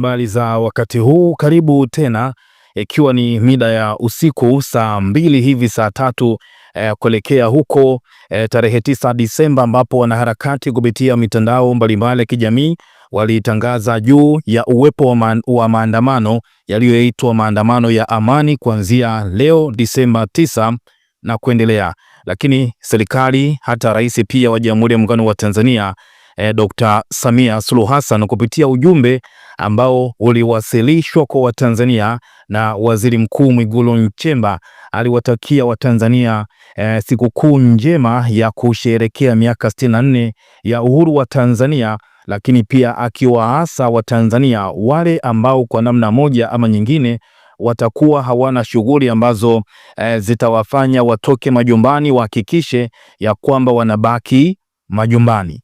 Habari za wakati huu, karibu tena ikiwa ni mida ya usiku saa mbili hivi saa tatu e, kuelekea huko e, tarehe 9 Disemba, ambapo wanaharakati kupitia mitandao mbalimbali ya kijamii walitangaza juu ya uwepo wa, man, wa maandamano yaliyoitwa maandamano ya amani kuanzia leo Disemba 9 na kuendelea, lakini serikali hata rais pia wa Jamhuri ya Muungano wa Tanzania eh, Dr. Samia Suluhu Hassan kupitia ujumbe ambao uliwasilishwa kwa Watanzania na Waziri Mkuu Mwigulu Nchemba aliwatakia Watanzania eh, sikukuu njema ya kusherekea miaka 64 ya uhuru wa Tanzania, lakini pia akiwaasa Watanzania wale ambao kwa namna moja ama nyingine watakuwa hawana shughuli ambazo eh, zitawafanya watoke majumbani, wahakikishe ya kwamba wanabaki majumbani.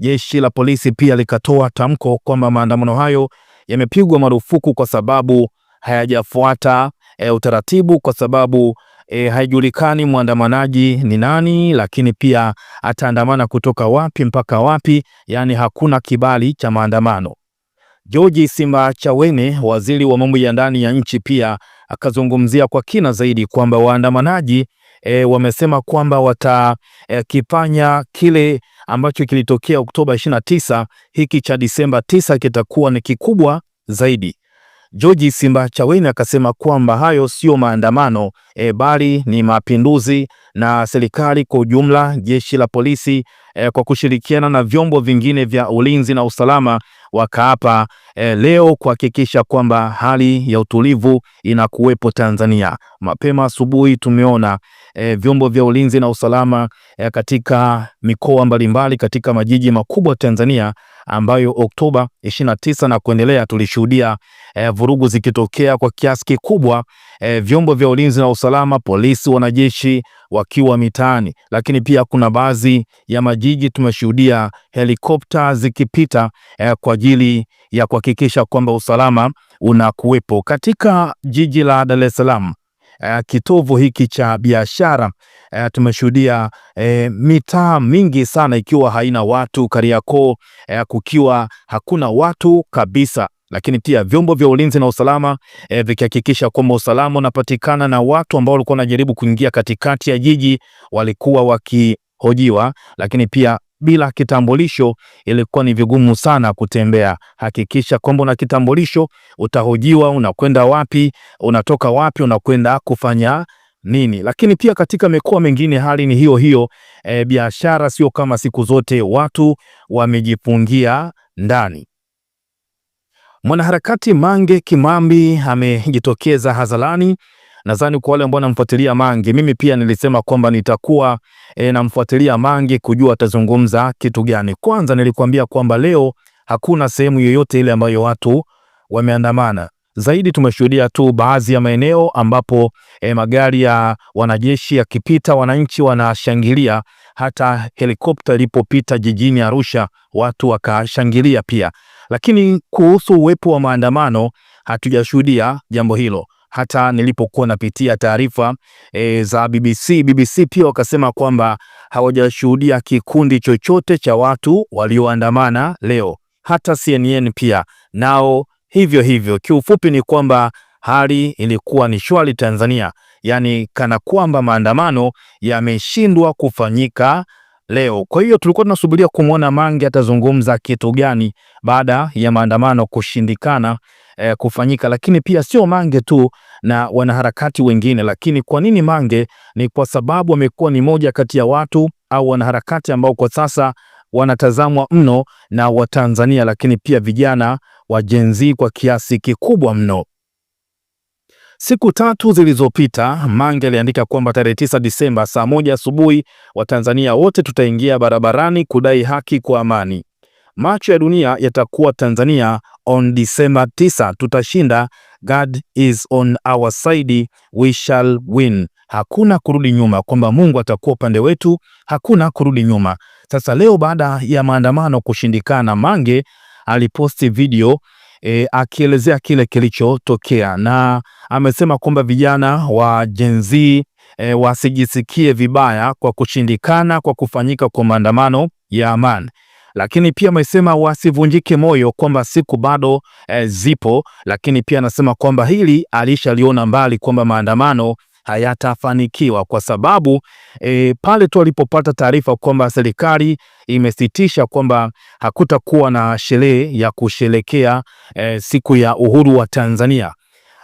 Jeshi la polisi pia likatoa tamko kwamba maandamano hayo yamepigwa marufuku kwa sababu hayajafuata e, utaratibu kwa sababu e, haijulikani mwandamanaji ni nani, lakini pia ataandamana kutoka wapi mpaka wapi, yaani hakuna kibali cha maandamano. George Simbachawene, waziri wa mambo ya ndani ya nchi, pia akazungumzia kwa kina zaidi kwamba waandamanaji e, wamesema kwamba watakifanya e, kile ambacho kilitokea Oktoba 29, hiki cha Disemba 9 kitakuwa ni kikubwa zaidi. George Simbachawene akasema kwamba hayo sio maandamano e, bali ni mapinduzi, na serikali kwa ujumla, jeshi la polisi e, kwa kushirikiana na vyombo vingine vya ulinzi na usalama wakaapa e, leo kuhakikisha kwamba hali ya utulivu inakuwepo Tanzania. Mapema asubuhi tumeona e, vyombo vya ulinzi na usalama e, katika mikoa mbalimbali katika majiji makubwa Tanzania ambayo Oktoba 29 na kuendelea tulishuhudia eh, vurugu zikitokea kwa kiasi kikubwa eh, vyombo vya ulinzi na usalama, polisi, wanajeshi wakiwa mitaani, lakini pia kuna baadhi ya majiji tumeshuhudia helikopta zikipita eh, kwa ajili ya kuhakikisha kwamba usalama unakuwepo katika jiji la Dar es Salaam. Uh, kitovu hiki cha biashara eh, tumeshuhudia eh, mitaa mingi sana ikiwa haina watu Kariakoo, eh, kukiwa hakuna watu kabisa, lakini pia vyombo vya ulinzi na usalama e, vikihakikisha kwamba usalama unapatikana, na watu ambao walikuwa wanajaribu kuingia katikati ya jiji walikuwa wakihojiwa, lakini pia bila kitambulisho ilikuwa ni vigumu sana kutembea. Hakikisha kwamba una kitambulisho, utahojiwa unakwenda wapi, unatoka wapi, unakwenda kufanya nini. Lakini pia katika mikoa mingine hali ni hiyo hiyo. E, biashara sio kama siku zote watu wamejifungia ndani. Mwanaharakati Mange Kimambi amejitokeza hadharani. Nadhani kwa wale ambao namfuatilia Mange, mimi pia nilisema kwamba nitakuwa e, namfuatilia Mange kujua atazungumza kitu gani. Kwanza nilikwambia kwamba leo hakuna sehemu yoyote ile ambayo watu wameandamana zaidi tumeshuhudia tu baadhi ya maeneo ambapo eh, magari ya wanajeshi yakipita wananchi wanashangilia, hata helikopta ilipopita jijini Arusha watu wakashangilia pia, lakini kuhusu uwepo wa maandamano hatujashuhudia jambo hilo. Hata nilipokuwa napitia taarifa e, za BBC, BBC pia wakasema kwamba hawajashuhudia kikundi chochote cha watu walioandamana leo. Hata CNN pia nao hivyo hivyo. Kiufupi ni kwamba hali ilikuwa ni shwari Tanzania, yaani kana kwamba maandamano yameshindwa kufanyika leo. Kwa hiyo tulikuwa tunasubiria kumwona Mange atazungumza kitu gani baada ya maandamano kushindikana eh, kufanyika. Lakini pia sio Mange tu na wanaharakati wengine. Lakini kwa nini Mange? Ni kwa sababu amekuwa ni moja kati ya watu au wanaharakati ambao kwa sasa wanatazamwa mno na Watanzania, lakini pia vijana wa Gen Z kwa kiasi kikubwa mno. Siku tatu zilizopita, Mange aliandika kwamba tarehe 9 Disemba saa moja asubuhi Watanzania wote tutaingia barabarani kudai haki kwa amani. Macho ya dunia yatakuwa Tanzania on December 9, tutashinda. God is on our side, we shall win. Hakuna kurudi nyuma, kwamba Mungu atakuwa upande wetu, hakuna kurudi nyuma. Sasa leo baada ya maandamano kushindikana, Mange aliposti video e, akielezea kile kilichotokea na amesema kwamba vijana wa Gen Z e, wasijisikie vibaya kwa kushindikana kwa kufanyika kwa maandamano ya amani lakini pia amesema wasivunjike moyo kwamba siku bado e, zipo. Lakini pia anasema kwamba hili alishaliona mbali kwamba maandamano hayatafanikiwa kwa sababu e, pale tu alipopata taarifa kwamba serikali imesitisha kwamba hakutakuwa na sherehe ya kusherekea e, siku ya uhuru wa Tanzania,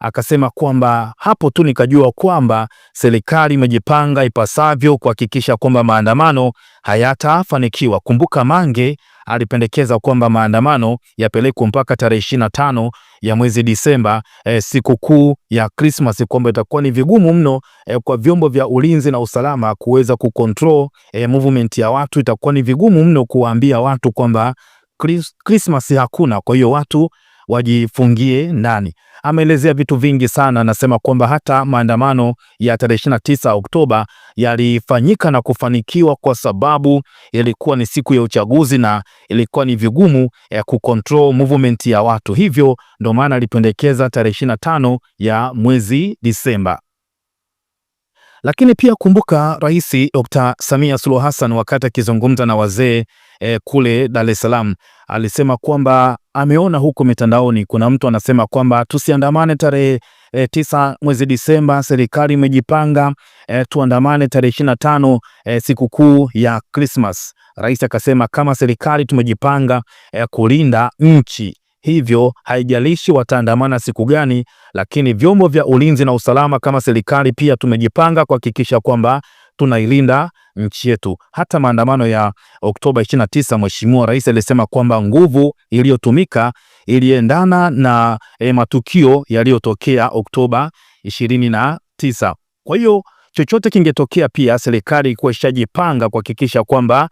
akasema kwamba hapo tu nikajua kwamba serikali imejipanga ipasavyo kuhakikisha kwamba maandamano hayatafanikiwa. Kumbuka Mange alipendekeza kwamba maandamano yapelekwe mpaka tarehe 25 na tano ya mwezi Disemba, e, sikukuu ya Christmas, kwamba itakuwa ni vigumu mno e, kwa vyombo vya ulinzi na usalama kuweza kucontrol e, movement ya watu. Itakuwa ni vigumu mno kuwaambia watu kwamba Christmas hakuna, kwa hiyo watu wajifungie ndani. Ameelezea vitu vingi sana, anasema kwamba hata maandamano ya tarehe 29 Oktoba yalifanyika na kufanikiwa kwa sababu ilikuwa ni siku ya uchaguzi na ilikuwa ni vigumu ya kucontrol movement ya watu, hivyo ndio maana alipendekeza tarehe 25 ya mwezi Disemba. Lakini pia kumbuka, Rais Dr. Samia Suluhu Hassan wakati akizungumza na wazee eh, kule Dar es Salaam alisema kwamba ameona huko mitandaoni kuna mtu anasema kwamba tusiandamane tarehe E, tisa mwezi Disemba, serikali imejipanga e, tuandamane tarehe ishirini na tano e, sikukuu ya Krismas. Rais akasema kama serikali tumejipanga e, kulinda nchi, hivyo haijalishi wataandamana siku gani, lakini vyombo vya ulinzi na usalama kama serikali pia tumejipanga kuhakikisha kwamba tunailinda nchi yetu. Hata maandamano ya Oktoba 29, Mheshimiwa Rais alisema kwamba nguvu iliyotumika iliendana na e, matukio yaliyotokea Oktoba 29. Kwa hiyo chochote kingetokea, pia serikali ilikuwa ishajipanga kuhakikisha kwamba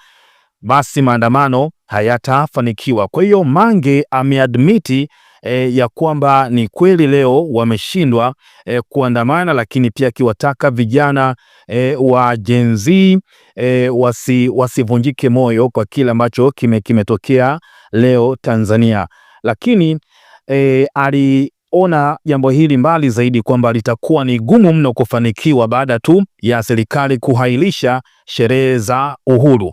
basi maandamano hayatafanikiwa. Kwa hiyo Mange ameadmiti e, ya kwamba ni kweli leo wameshindwa e, kuandamana, lakini pia akiwataka vijana e, wa Gen Z e, wasi, wasivunjike moyo kwa kile ambacho kimetokea kime leo Tanzania, lakini e, ali ona jambo hili mbali zaidi kwamba litakuwa ni gumu mno kufanikiwa baada tu ya serikali kuhailisha sherehe za uhuru.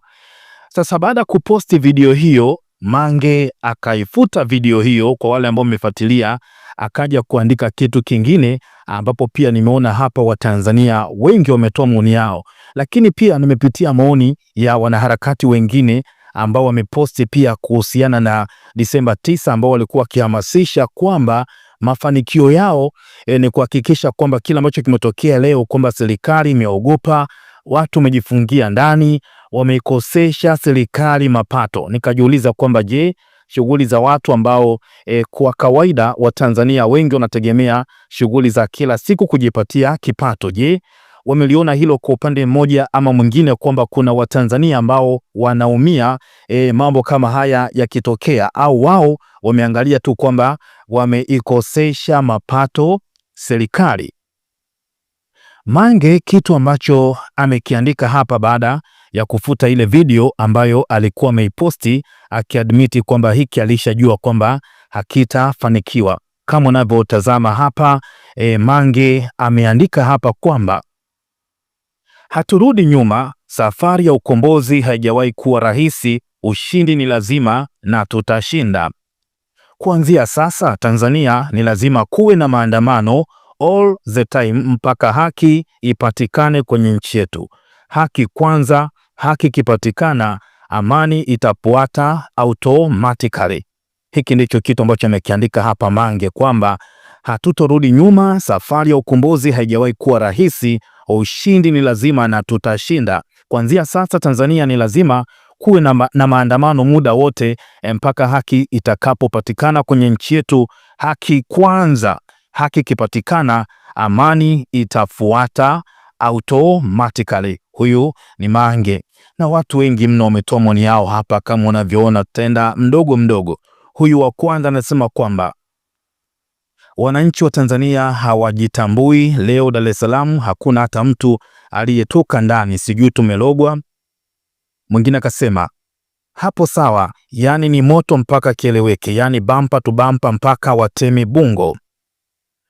Sasa baada ya kuposti video hiyo Mange akaifuta video hiyo, kwa wale ambao mmefuatilia, akaja kuandika kitu kingine, ambapo pia nimeona hapa Watanzania wengi wametoa maoni yao, lakini pia nimepitia maoni ya wanaharakati wengine ambao wameposti pia kuhusiana na Disemba tisa, ambao walikuwa wakihamasisha kwamba mafanikio yao e, ni kuhakikisha kwamba kila ambacho kimetokea leo kwamba serikali imeogopa, watu wamejifungia ndani, wameikosesha serikali mapato. Nikajiuliza kwamba je, shughuli za watu ambao e, kwa kawaida Watanzania wengi wanategemea shughuli za kila siku kujipatia kipato, je, wameliona hilo kwa upande mmoja ama mwingine, kwamba kuna Watanzania ambao wanaumia e, mambo kama haya yakitokea, au wao wameangalia tu kwamba wameikosesha mapato serikali. Mange kitu ambacho amekiandika hapa baada ya kufuta ile video ambayo alikuwa ameiposti akiadmiti kwamba hiki alishajua kwamba hakitafanikiwa. Kama unavyotazama hapa e, Mange ameandika hapa kwamba haturudi nyuma, safari ya ukombozi haijawahi kuwa rahisi, ushindi ni lazima na tutashinda. Kuanzia sasa Tanzania ni lazima kuwe na maandamano all the time mpaka haki ipatikane kwenye nchi yetu. Haki kwanza, Haki ikipatikana, amani itafuata automatically. Hiki ndicho kitu ambacho amekiandika hapa Mange kwamba hatutorudi nyuma. Safari ya ukombozi haijawahi kuwa rahisi. Ushindi ni lazima na tutashinda. Kuanzia sasa, Tanzania ni lazima kuwe na, ma na maandamano muda wote eh, mpaka haki itakapopatikana kwenye nchi yetu. Haki kwanza. Haki ikipatikana, amani itafuata automatically. Huyu ni Mange, na watu wengi mno wametoa maoni yao hapa, kama unavyoona, tutaenda mdogo mdogo. Huyu wa kwanza anasema kwamba wananchi wa Tanzania hawajitambui. Leo Dar es Salaam hakuna hata mtu aliyetoka ndani, sijui tumelogwa. Mwingine akasema hapo sawa, yaani ni moto mpaka kieleweke, yaani bampa tu bampa mpaka wateme bungo.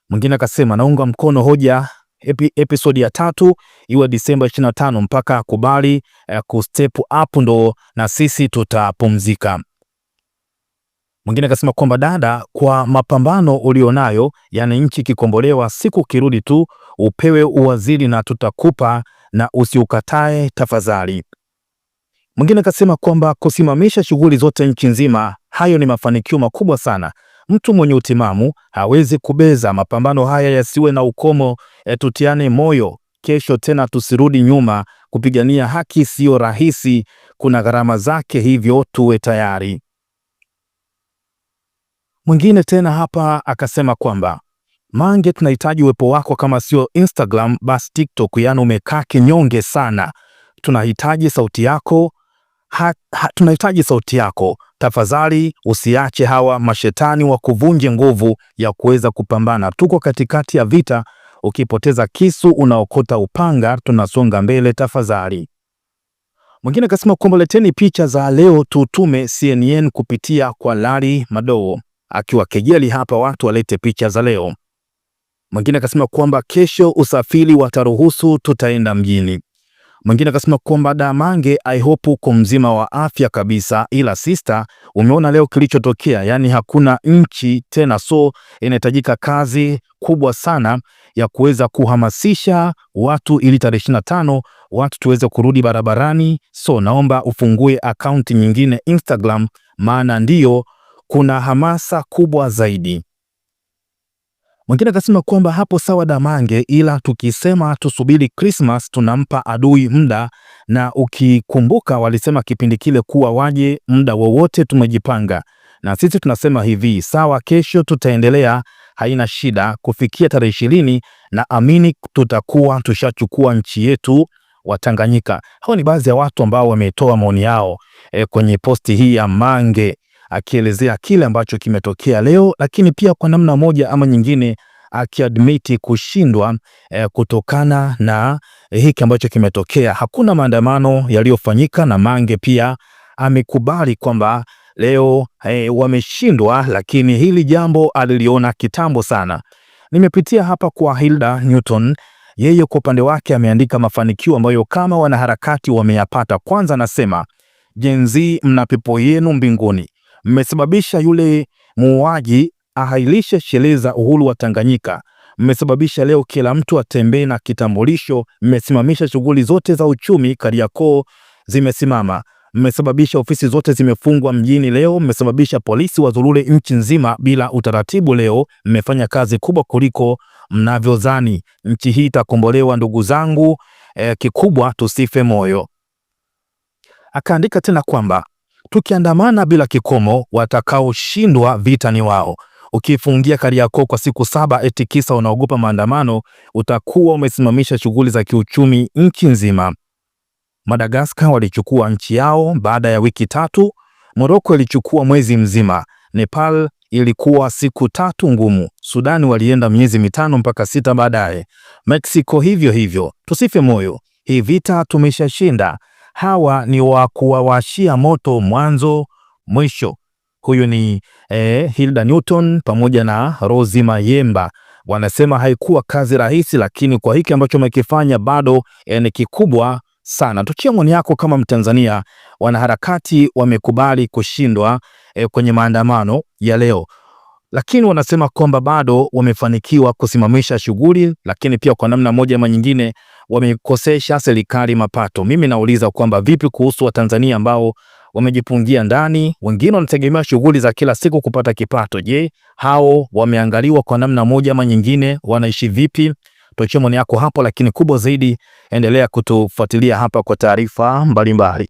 Mwingine akasema naunga mkono hoja epi, episodi ya tatu iwe Disemba 25 mpaka akubali eh, kustep up ndo na sisi tutapumzika. Mwingine akasema kwamba dada, kwa mapambano ulionayo, yani nchi ikikombolewa, siku kirudi tu upewe uwaziri na tutakupa na usiukatae tafadhali. Mwingine akasema kwamba kusimamisha shughuli zote nchi nzima, hayo ni mafanikio makubwa sana. Mtu mwenye utimamu hawezi kubeza. Mapambano haya yasiwe na ukomo. E, tutiane moyo, kesho tena tusirudi nyuma. Kupigania haki siyo rahisi, kuna gharama zake, hivyo tuwe tayari. Mwingine tena hapa akasema kwamba Mange, tunahitaji uwepo wako, kama sio Instagram basi TikTok. Yaani umekaa kinyonge sana, tunahitaji sauti yako ha, ha, tunahitaji sauti yako tafadhali. Usiache hawa mashetani wa kuvunje nguvu ya kuweza kupambana. Tuko katikati ya vita, ukipoteza kisu unaokota upanga. Tunasonga mbele tafadhali. Mwingine akasema kwamba leteni picha za leo tutume CNN kupitia kwa Larry Madowo, akiwakejeli hapa watu walete picha za leo. Mwingine akasema kwamba kesho usafiri wataruhusu, tutaenda mjini. Mwingine akasema kwamba damange I hope uko mzima wa afya kabisa, ila sister, umeona leo kilichotokea, yani hakuna nchi tena, so inahitajika kazi kubwa sana ya kuweza kuhamasisha watu ili tarehe 25 watu tuweze kurudi barabarani, so naomba ufungue akaunti nyingine Instagram, maana ndiyo kuna hamasa kubwa zaidi. Mwingine atasema kwamba hapo sawa Damange, ila tukisema tusubiri Christmas tunampa adui muda, na ukikumbuka walisema kipindi kile kuwa waje muda wowote, tumejipanga na sisi tunasema hivi, sawa, kesho tutaendelea, haina shida. Kufikia tarehe ishirini na amini tutakuwa tushachukua nchi yetu Watanganyika. Hao ni baadhi ya watu ambao wametoa maoni yao e, kwenye posti hii ya Mange akielezea kile ambacho kimetokea leo, lakini pia kwa namna moja ama nyingine akiadmiti kushindwa eh, kutokana na hiki ambacho kimetokea. Hakuna maandamano yaliyofanyika, na Mange pia amekubali kwamba leo eh, wameshindwa, lakini hili jambo aliliona kitambo sana. Nimepitia hapa kwa Hilda Newton, yeye kwa upande wake ameandika mafanikio ambayo kama wanaharakati wameyapata. Kwanza anasema Gen Z mna pepo yenu mbinguni. Mmesababisha yule muuaji ahailishe sherehe za uhuru wa Tanganyika. Mmesababisha leo kila mtu atembee na kitambulisho. Mmesimamisha shughuli zote za uchumi, Kariakoo zimesimama. Mmesababisha ofisi zote zimefungwa mjini leo. Mmesababisha polisi wazurule nchi nzima bila utaratibu leo. Mmefanya kazi kubwa kuliko mnavyozani. Nchi hii itakombolewa ndugu zangu. Eh, kikubwa tusife moyo. Akaandika tena kwamba tukiandamana bila kikomo, watakaoshindwa vita ni wao. Ukifungia Kariakoo kwa siku saba eti kisa unaogopa maandamano, utakuwa umesimamisha shughuli za kiuchumi nchi nzima. Madagaskar walichukua nchi yao baada ya wiki tatu. Moroko ilichukua mwezi mzima. Nepal ilikuwa siku tatu ngumu. Sudani walienda miezi mitano mpaka sita baadaye. Mexico hivyo hivyo. Tusife moyo, hii vita tumeshashinda hawa ni wa kuwawashia moto mwanzo mwisho. Huyu ni eh, Hilda Newton pamoja na Rozi Mayemba wanasema haikuwa kazi rahisi, lakini kwa hiki ambacho wamekifanya bado eh, ni kikubwa sana. Tuchia maoni yako kama Mtanzania. Wanaharakati wamekubali kushindwa eh, kwenye maandamano ya leo, lakini wanasema kwamba bado wamefanikiwa kusimamisha shughuli, lakini pia kwa namna moja ama nyingine wameikosesha serikali mapato. Mimi nauliza kwamba vipi kuhusu Watanzania ambao wamejipungia ndani, wengine wanategemea shughuli za kila siku kupata kipato. Je, hao wameangaliwa kwa namna moja ama nyingine? Wanaishi vipi? Tochea maoni yako hapo, lakini kubwa zaidi, endelea kutufuatilia hapa kwa taarifa mbalimbali.